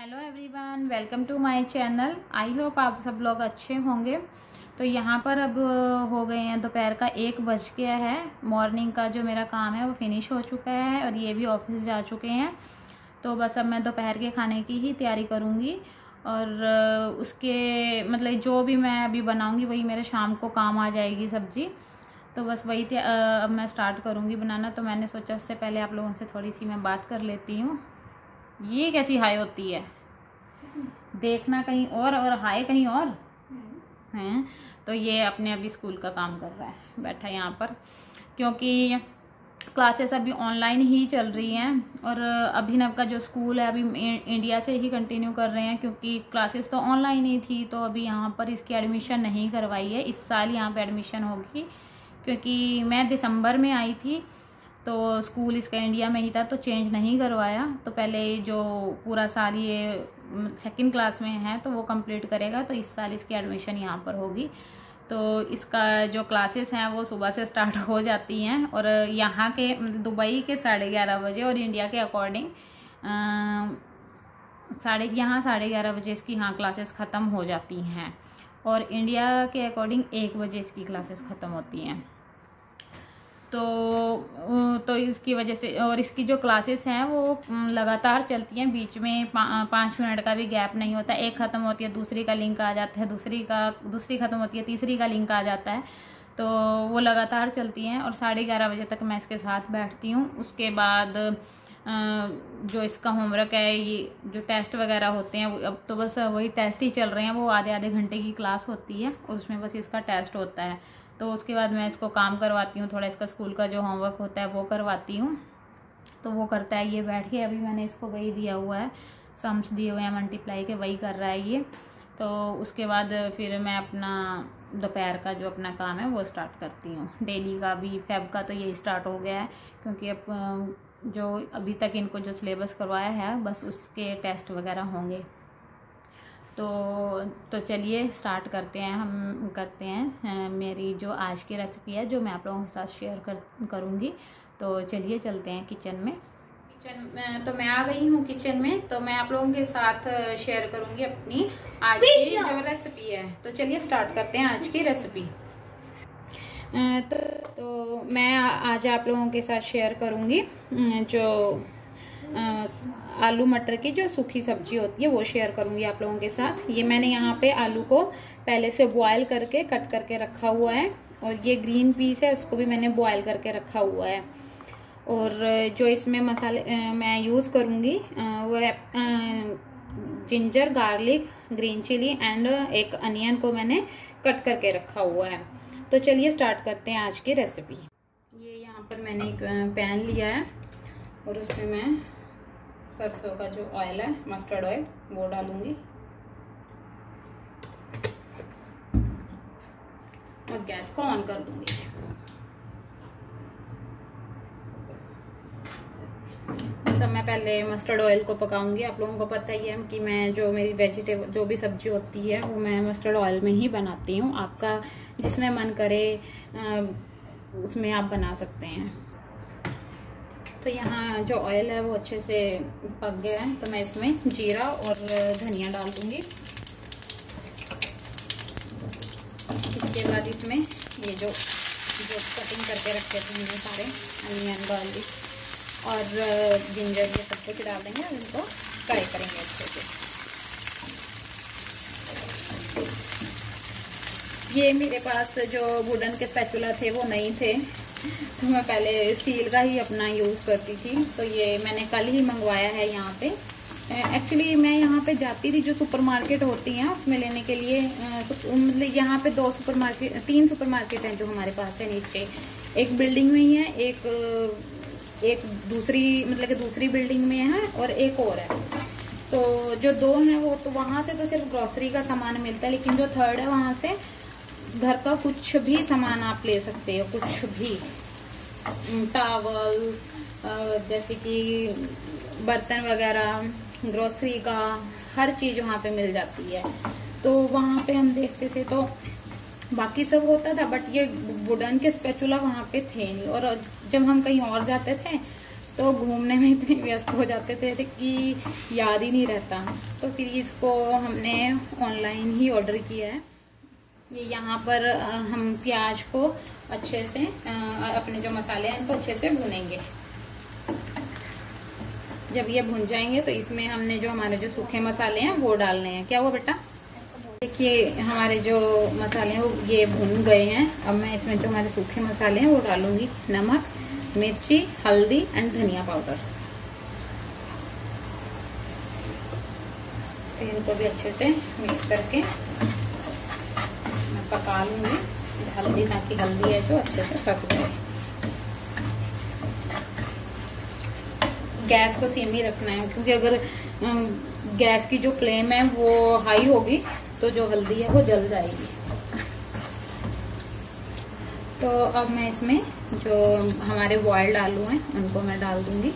Hello everyone welcome to my channel I hope आप सब लोग अच्छे होंगे तो यहाँ पर अब हो गए हैं दोपहर का एक बज गया है मॉर्निंग का जो मेरा काम है वो फिनिश हो चुका है और ये भी ऑफिस जा चुके हैं तो बस अब मैं दोपहर के खाने की ही तैयारी करूँगी और उसके मतलब जो भी मैं अभी बनाऊँगी वही मेरे शाम को काम आ जाएगी सब्ज़ी तो बस वही अब मैं स्टार्ट करूँगी बनाना तो मैंने सोचा उससे पहले आप लोगों से थोड़ी सी मैं बात कर लेती हूँ ये कैसी हाई होती है देखना कहीं और और हाई कहीं और हैं तो ये अपने अभी स्कूल का काम कर रहा है बैठा है यहाँ पर क्योंकि क्लासेस अभी ऑनलाइन ही चल रही हैं और अभिनव का जो स्कूल है अभी इंडिया से ही कंटिन्यू कर रहे हैं क्योंकि क्लासेस तो ऑनलाइन ही थी तो अभी यहाँ पर इसकी एडमिशन नहीं करवाई है इस साल यहाँ पर एडमिशन होगी क्योंकि मैं दिसंबर में आई थी तो स्कूल इसका इंडिया में ही था तो चेंज नहीं करवाया तो पहले जो पूरा साल ये सेकेंड क्लास में है तो वो कंप्लीट करेगा तो इस साल इसकी एडमिशन यहाँ पर होगी तो इसका जो क्लासेस हैं वो सुबह से स्टार्ट हो जाती हैं और यहाँ के दुबई के साढ़े ग्यारह बजे और इंडिया के अकॉर्डिंग साढ़े यहाँ साढ़े ग्यारह बजे इसकी यहाँ क्लासेस ख़त्म हो जाती हैं और इंडिया के अकॉर्डिंग एक बजे इसकी क्लासेस ख़त्म होती हैं तो तो इसकी वजह से और इसकी जो क्लासेस हैं वो लगातार चलती हैं बीच में पा, पाँच मिनट का भी गैप नहीं होता एक ख़त्म होती है दूसरी का लिंक आ जाता है दूसरी का दूसरी ख़त्म होती है तीसरी का लिंक आ जाता है तो वो लगातार चलती हैं और साढ़े ग्यारह बजे तक मैं इसके साथ बैठती हूँ उसके बाद जो इसका होमवर्क है ये जो टेस्ट वगैरह होते हैं अब तो बस वही टेस्ट ही चल रहे हैं वो आधे आधे घंटे की क्लास होती है और उसमें बस इसका टेस्ट होता है तो उसके बाद मैं इसको काम करवाती हूँ थोड़ा इसका स्कूल का जो होमवर्क होता है वो करवाती हूँ तो वो करता है ये बैठ के अभी मैंने इसको वही दिया हुआ है सम्स दिए हुए हैं मल्टीप्लाई के वही कर रहा है ये तो उसके बाद फिर मैं अपना दोपहर का जो अपना काम है वो स्टार्ट करती हूँ डेली का भी फैब का तो यही स्टार्ट हो गया है क्योंकि अब जो अभी तक इनको जो सिलेबस करवाया है बस उसके टेस्ट वगैरह होंगे तो तो चलिए स्टार्ट करते हैं हम करते हैं मेरी जो आज की रेसिपी है जो मैं आप लोगों के साथ शेयर कर करूँगी तो चलिए चलते हैं किचन में किचन तो मैं आ गई हूँ किचन में तो मैं आप लोगों के साथ शेयर करूँगी अपनी आज की जो रेसिपी है तो चलिए स्टार्ट करते हैं आज की रेसिपी तो, तो मैं आज आप लोगों के साथ शेयर करूँगी जो आलू मटर की जो सूखी सब्जी होती है वो शेयर करूँगी आप लोगों के साथ ये मैंने यहाँ पे आलू को पहले से बॉयल करके कट करके रखा हुआ है और ये ग्रीन पीस है उसको भी मैंने बॉयल करके रखा हुआ है और जो इसमें मसाले मैं यूज़ करूँगी वो ginger garlic green chilli and एक अनियन को मैंने कट करके रखा हुआ है तो चलिए स्टार्ट करते हैं आज की रेसिपी ये यहाँ पर मैंने एक पैन लिया है और उसमें मैं सरसों का जो ऑयल है मस्टर्ड ऑयल वो डालूंगी और गैस को ऑन कर दूंगी सब मैं पहले मस्टर्ड ऑयल को पकाऊंगी आप लोगों को पता ही है कि मैं जो मेरी वेजिटेबल जो भी सब्जी होती है वो मैं मस्टर्ड ऑयल में ही बनाती हूँ आपका जिसमें मन करे उसमें आप बना सकते हैं तो यहाँ जो ऑयल है वो अच्छे से पक गया है तो मैं इसमें जीरा और धनिया डाल दूंगी इसके बाद इसमें ये जो जो कटिंग करके रखे थे हमने सारे अनियन गार्लिक और जिंजर uh, ये सब कुछ डाल देंगे और इनको फ्राई करेंगे अच्छे से ये मेरे पास जो वुडन के स्पैचुला थे वो नहीं थे तो मैं पहले स्टील का ही अपना यूज़ करती थी तो ये मैंने कल ही मंगवाया है यहाँ पे एक्चुअली मैं यहाँ पे जाती थी जो सुपरमार्केट होती हैं उसमें लेने के लिए तो मतलब यहाँ पे दो सुपरमार्केट तीन सुपरमार्केट हैं जो हमारे पास है नीचे एक बिल्डिंग में ही है एक एक दूसरी मतलब कि दूसरी बिल्डिंग में है और एक और है तो जो दो हैं वो तो वहाँ से तो सिर्फ ग्रॉसरी का सामान मिलता है लेकिन जो थर्ड है वहाँ से घर का कुछ भी सामान आप ले सकते हो कुछ भी टावल जैसे कि बर्तन वगैरह ग्रोसरी का हर चीज़ वहाँ पे मिल जाती है तो वहाँ पे हम देखते थे तो बाकी सब होता था बट ये वुडन के स्पेचुला वहाँ पे थे नहीं और जब हम कहीं और जाते थे तो घूमने में इतने व्यस्त हो जाते थे कि याद ही नहीं रहता तो फिर इसको हमने ऑनलाइन ही ऑर्डर किया है ये यहाँ पर हम प्याज को अच्छे से अपने जो मसाले हैं इनको अच्छे से भुनेंगे जब ये भुन जाएंगे तो इसमें हमने जो हमारे जो सूखे मसाले हैं वो डालने हैं क्या हुआ बेटा देखिए हमारे जो मसाले हैं वो ये भुन गए हैं अब मैं इसमें जो हमारे सूखे मसाले हैं वो डालूंगी नमक मिर्ची हल्दी एंड धनिया पाउडर तो इनको भी अच्छे से मिक्स करके पका लूंगी हल्दी ताकि हल्दी है जो अच्छे से पक जाए गैस को ही रखना है क्योंकि अगर गैस की जो फ्लेम है वो हाई होगी तो जो हल्दी है वो जल जाएगी तो अब मैं इसमें जो हमारे बॉयल्ड आलू हैं उनको मैं डाल दूंगी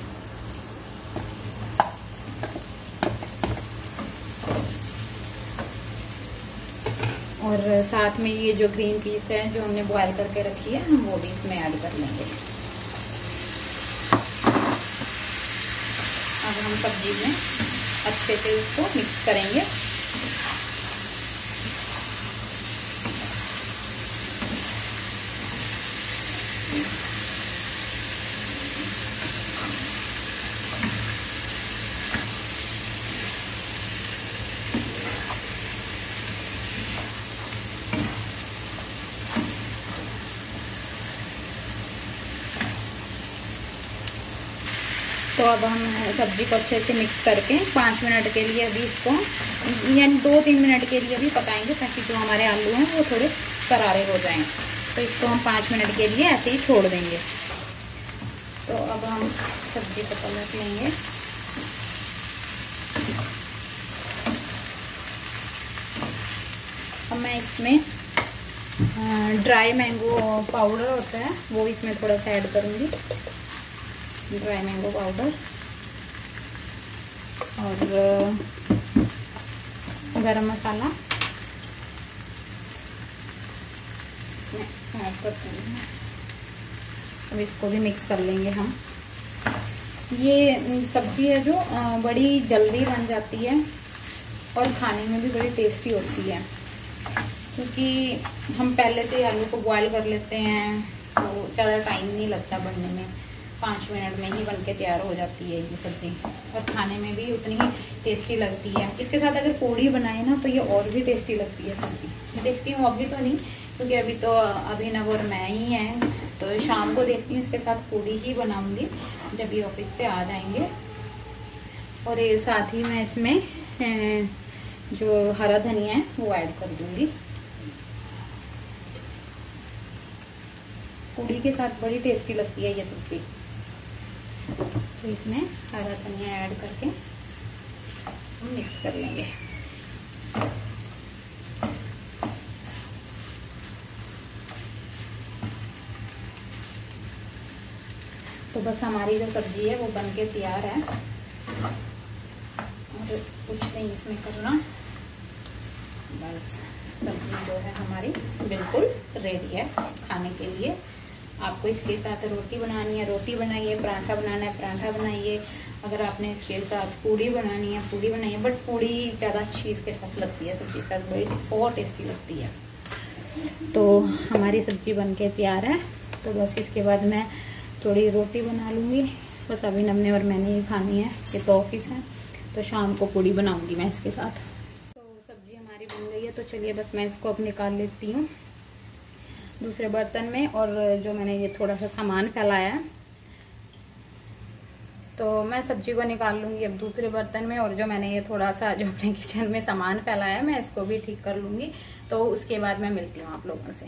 और साथ में ये जो ग्रीन पीस है जो हमने बॉयल करके रखी है हम वो भी इसमें ऐड कर लेंगे अब हम सब्जी में अच्छे से उसको मिक्स करेंगे Thank you. तो अब हम सब्जी को अच्छे से मिक्स करके पाँच मिनट के लिए अभी इसको यानी दो तीन मिनट के लिए भी पकाएंगे ताकि जो हमारे आलू हैं वो थोड़े करारे हो जाएं तो इसको हम पाँच मिनट के लिए ऐसे ही छोड़ देंगे तो अब हम सब्जी को पलट लेंगे अब मैं इसमें ड्राई मैंगो पाउडर होता है वो इसमें थोड़ा सा ऐड करूँगी ड्राई मैंगो पाउडर और गरम मसाला ऐड करते हैं अब इसको भी मिक्स कर लेंगे हम ये सब्जी है जो बड़ी जल्दी बन जाती है और खाने में भी बड़ी टेस्टी होती है क्योंकि हम पहले से आलू को बॉयल कर लेते हैं तो ज़्यादा टाइम नहीं लगता बनने में पाँच मिनट में ही बन के तैयार हो जाती है ये सब्ज़ी और खाने में भी उतनी ही टेस्टी लगती है इसके साथ अगर पूड़ी बनाए ना तो ये और भी टेस्टी लगती है सब्ज़ी मैं देखती हूँ अभी तो नहीं क्योंकि अभी तो अभी नव और मैं ही हैं तो शाम को देखती हूँ इसके साथ पूड़ी ही बनाऊँगी जब ये ऑफिस से आ जाएंगे और ये साथ ही मैं इसमें जो हरा धनिया है वो ऐड कर दूँगी पूड़ी के साथ बड़ी टेस्टी लगती है ये सब्ज़ी तो इसमें हरा धनिया ऐड करके हम मिक्स कर लेंगे तो बस हमारी जो सब्जी है वो बनके तैयार है और कुछ नहीं इसमें करना बस सब्जी जो है हमारी बिल्कुल रेडी है खाने के लिए आपको इसके साथ रोटी बनानी है रोटी बनाइए पराठा बनाना है पराठा बनाइए अगर आपने इसके साथ पूड़ी बनानी है पूड़ी बनाइए बट पूड़ी ज़्यादा अच्छी इसके साथ लगती है सब्जी के साथ बड़ी बहुत टेस्टी लगती है तो हमारी सब्जी बन तैयार है तो बस इसके बाद मैं थोड़ी रोटी बना लूँगी बस अभी नमने और मैंने ही खानी है ये तो ऑफिस है तो शाम को पूड़ी बनाऊँगी मैं इसके साथ तो सब्ज़ी हमारी बन गई है तो चलिए बस मैं इसको अब निकाल लेती हूँ दूसरे बर्तन में और जो मैंने ये थोड़ा सा सामान फैलाया है तो मैं सब्जी को निकाल लूँगी अब दूसरे बर्तन में और जो मैंने ये थोड़ा सा जो अपने किचन में सामान फैलाया मैं इसको भी ठीक कर लूँगी तो उसके बाद मैं मिलती हूँ आप लोगों से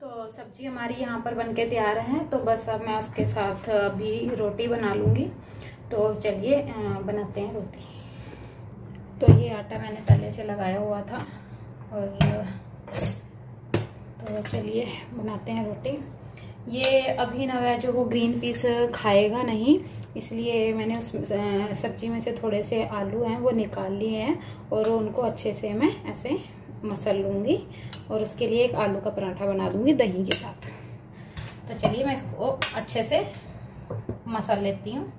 तो सब्जी हमारी यहाँ पर बन के तैयार है तो बस अब मैं उसके साथ भी रोटी बना लूँगी तो चलिए बनाते हैं रोटी तो ये आटा मैंने पहले से लगाया हुआ था और तो चलिए बनाते हैं रोटी ये अभी नव है जो वो ग्रीन पीस खाएगा नहीं इसलिए मैंने उस सब्जी में से थोड़े से आलू हैं वो निकाल लिए हैं और उनको अच्छे से मैं ऐसे मसल लूँगी और उसके लिए एक आलू का पराठा बना दूँगी दही के साथ तो चलिए मैं इसको अच्छे से मसल लेती हूँ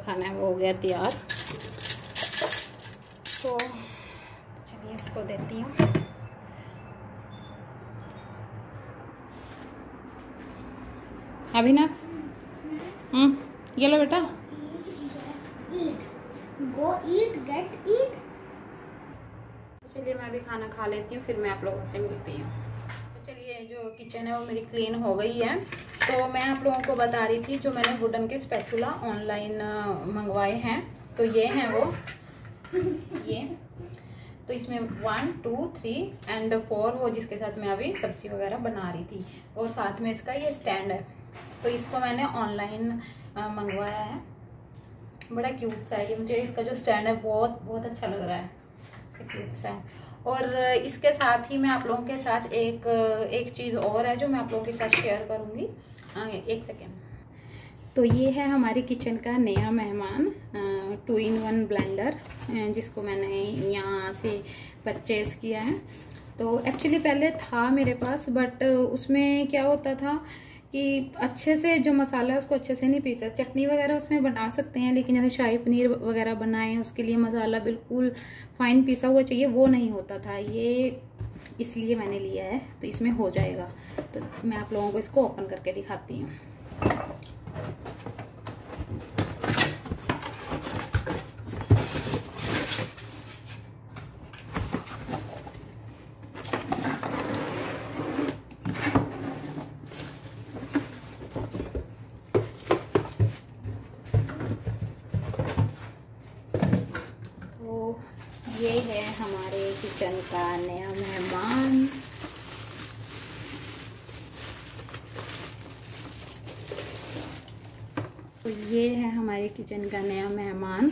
का खाना है वो हो गया तैयार तो चलिए इसको देती हूँ अभी ना हम्म, ये लो बेटा चलिए मैं अभी खाना खा लेती हूँ फिर मैं आप लोगों से मिलती हूँ किचन है वो मेरी क्लीन हो गई है तो मैं आप लोगों को बता रही थी जो मैंने वुडन के स्पेचुला ऑनलाइन मंगवाए हैं तो ये हैं वो ये तो इसमें one two three and four वो जिसके साथ मैं अभी सब्जी वगैरह बना रही थी और साथ में इसका ये स्टैंड है तो इसको मैंने ऑनलाइन मंगवाया है बड़ा क्यूट सा है ये मुझे इसका जो स्टैंड है बहुत बहुत अच्छा लग रहा है क्यूट सा है और इसके साथ ही मैं आप लोगों के साथ एक एक चीज़ और है जो मैं आप लोगों के साथ शेयर करूँगी हाँ, एक सेकेंड तो ये है हमारे किचन का नया मेहमान टू इन वन ब्लेंडर जिसको मैंने यहाँ से परचेज़ किया है तो एक्चुअली पहले था मेरे पास बट उसमें क्या होता था कि अच्छे से जो मसाला है उसको अच्छे से नहीं पीसता चटनी वगैरह उसमें बना सकते हैं लेकिन जैसे शाही पनीर वगैरह बनाएं उसके लिए मसाला बिल्कुल फाइन पीसा हुआ चाहिए वो नहीं होता था ये इसलिए मैंने लिया है तो इसमें हो जाएगा तो मैं आप लोगों को इसको ओपन करके दिखाती हूँ का नया मेहमान तो ये है हमारे किचन का नया मेहमान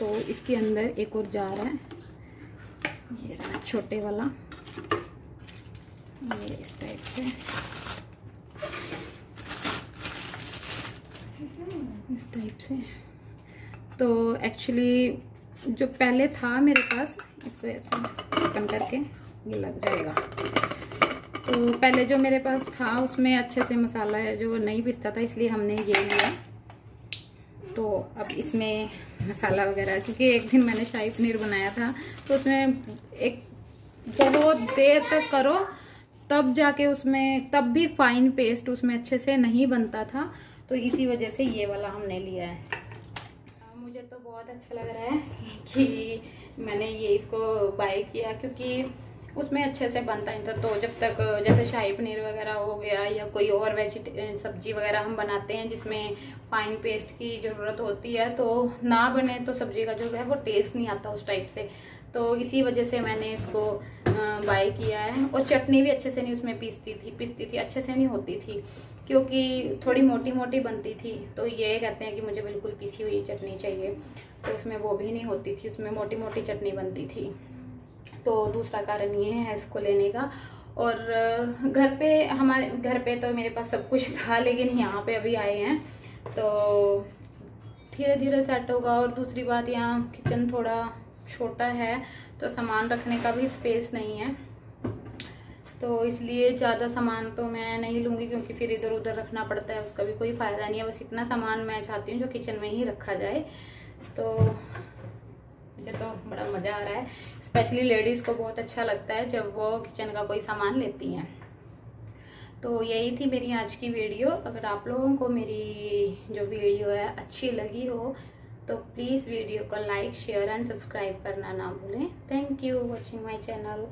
तो इसके अंदर एक और जार है ये छोटे वाला ये इस टाइप से इस टाइप से तो एक्चुअली जो पहले था मेरे पास इसको ऐसे ओपन करके ये लग जाएगा तो पहले जो मेरे पास था उसमें अच्छे से मसाला है जो नहीं पिसता था इसलिए हमने ये लिया तो अब इसमें मसाला वगैरह क्योंकि एक दिन मैंने शाही पनीर बनाया था तो उसमें एक बहुत देर तक करो तब जाके उसमें तब भी फाइन पेस्ट उसमें अच्छे से नहीं बनता था तो इसी वजह से ये वाला हमने लिया है मुझे तो बहुत अच्छा लग रहा है कि मैंने ये इसको बाय किया क्योंकि उसमें अच्छे से बनता नहीं था तो, तो जब तक जैसे शाही पनीर वगैरह हो गया या कोई और वेजिट सब्जी वगैरह हम बनाते हैं जिसमें फाइन पेस्ट की ज़रूरत होती है तो ना बने तो सब्जी का जो है वो टेस्ट नहीं आता उस टाइप से तो इसी वजह से मैंने इसको बाय किया है और चटनी भी अच्छे से नहीं उसमें पीसती थी पीसती थी अच्छे से नहीं होती थी क्योंकि थोड़ी मोटी मोटी बनती थी तो ये कहते हैं कि मुझे बिल्कुल पीसी हुई चटनी चाहिए तो उसमें वो भी नहीं होती थी उसमें मोटी मोटी चटनी बनती थी तो दूसरा कारण ये है इसको लेने का और घर पे हमारे घर पे तो मेरे पास सब कुछ था लेकिन यहाँ पे अभी आए हैं तो धीरे धीरे सेट होगा और दूसरी बात यहाँ किचन थोड़ा छोटा है तो सामान रखने का भी स्पेस नहीं है तो इसलिए ज़्यादा सामान तो मैं नहीं लूँगी क्योंकि फिर इधर उधर रखना पड़ता है उसका भी कोई फ़ायदा नहीं है बस इतना सामान मैं चाहती हूँ जो किचन में ही रखा जाए तो मुझे तो बड़ा मज़ा आ रहा है स्पेशली लेडीज़ को बहुत अच्छा लगता है जब वो किचन का कोई सामान लेती हैं तो यही थी मेरी आज की वीडियो अगर आप लोगों को मेरी जो वीडियो है अच्छी लगी हो तो प्लीज़ वीडियो को लाइक शेयर एंड सब्सक्राइब करना ना भूलें thank you watching my channel